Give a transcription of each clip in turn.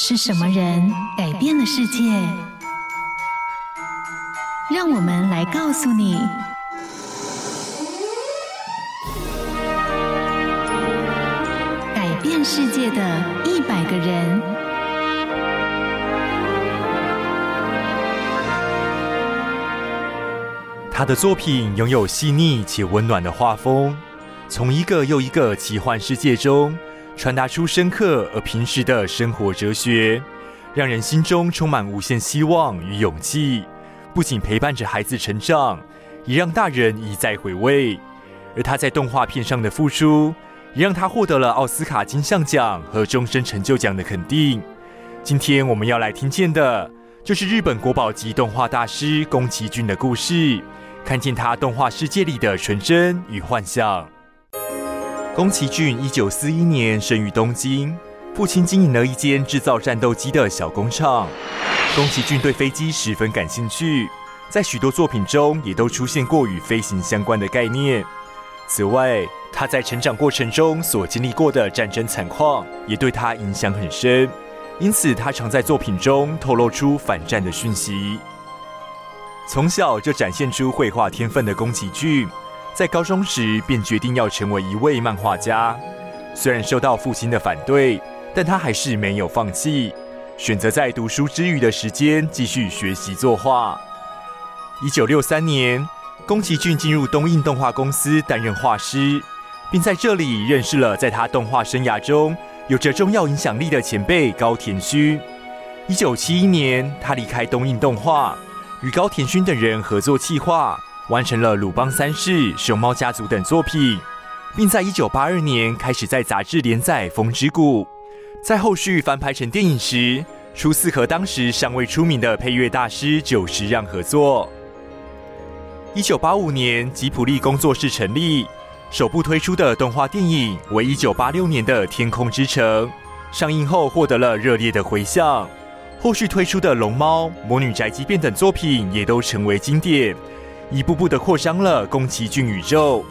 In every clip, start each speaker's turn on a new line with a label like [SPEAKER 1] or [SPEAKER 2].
[SPEAKER 1] 是什麼人改變了世界？讓我們來告訴你，改變世界的一百個人。他的作品擁有細膩且溫暖的畫風，從一個又一個奇幻世界中。傳達出深刻而平實的生活哲學，讓人心中充滿無限希望與勇氣。不僅陪伴着孩子成長，也讓大人一再回味。而他在動畫片上的付出，也讓他獲得了奧斯卡金像獎和終身成就獎的肯定。今天我們要來聽見的，就是日本國寶級動畫大師宮崎駿的故事，看見他動畫世界裡的純真與幻想。宮崎駿一九四一年生於東京，父親經營了一間製造戰鬥機的小工廠。宮崎駿對飛機十分感興趣，在許多作品中也都出現過與飛行相關的概念。此外，他在成長過程中所經歷過的戰爭慘況也對他影響很深，因此他常在作品中透露出反戰的訊息。從小就展現出繪畫天分的宮崎駿，在高中時便決定要成為一位漫畫家，雖然受到父親的反對，但他還是沒有放棄，選擇在讀書之餘的時間繼續學習作畫。一九六三年，宮崎駿進入東映動畫公司擔任畫師，並在這裡認識了在他動畫生涯中有着重要影響力的前輩高田勳。一九七一年，他離開東映動畫，與高田勳等人合作企劃。完成了《魯邦三世》、《熊貓家族》等作品，並在1982年開始在雜誌連載《風之谷》。在後續翻拍成電影時，初次和當時尚未出名的配樂大師久石讓合作。1985年，吉卜力工作室成立，首部推出的動畫電影為1986年的《天空之城》，上映後獲得了熱烈的迴響。後續推出的《龍貓》、《魔女宅急便》等作品也都成為經典。一步步的擴張了宮崎駿宇宙，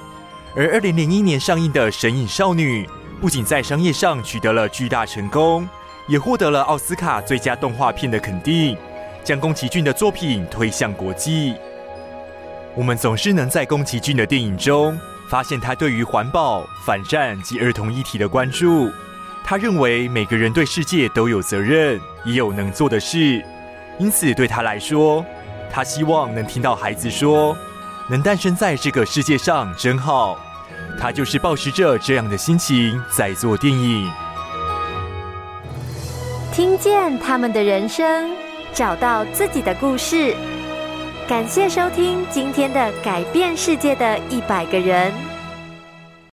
[SPEAKER 1] 而二零零一年上映的《神隱少女》不僅在商業上取得了巨大成功，也獲得了奧斯卡最佳動畫片的肯定，將宮崎駿的作品推向國際。我們總是能在宮崎駿的電影中發現他對於環保、反戰及兒童議題的關注。他認為每個人對世界都有責任，也有能做的事，因此對他來說，他希望能聽到孩子說：“能誕生在這個世界上真好。”他就是抱持着這樣的心情在做電影，聽見他們的人生，找到自己的故事。感謝收聽今天的《改變世界的一百個人》。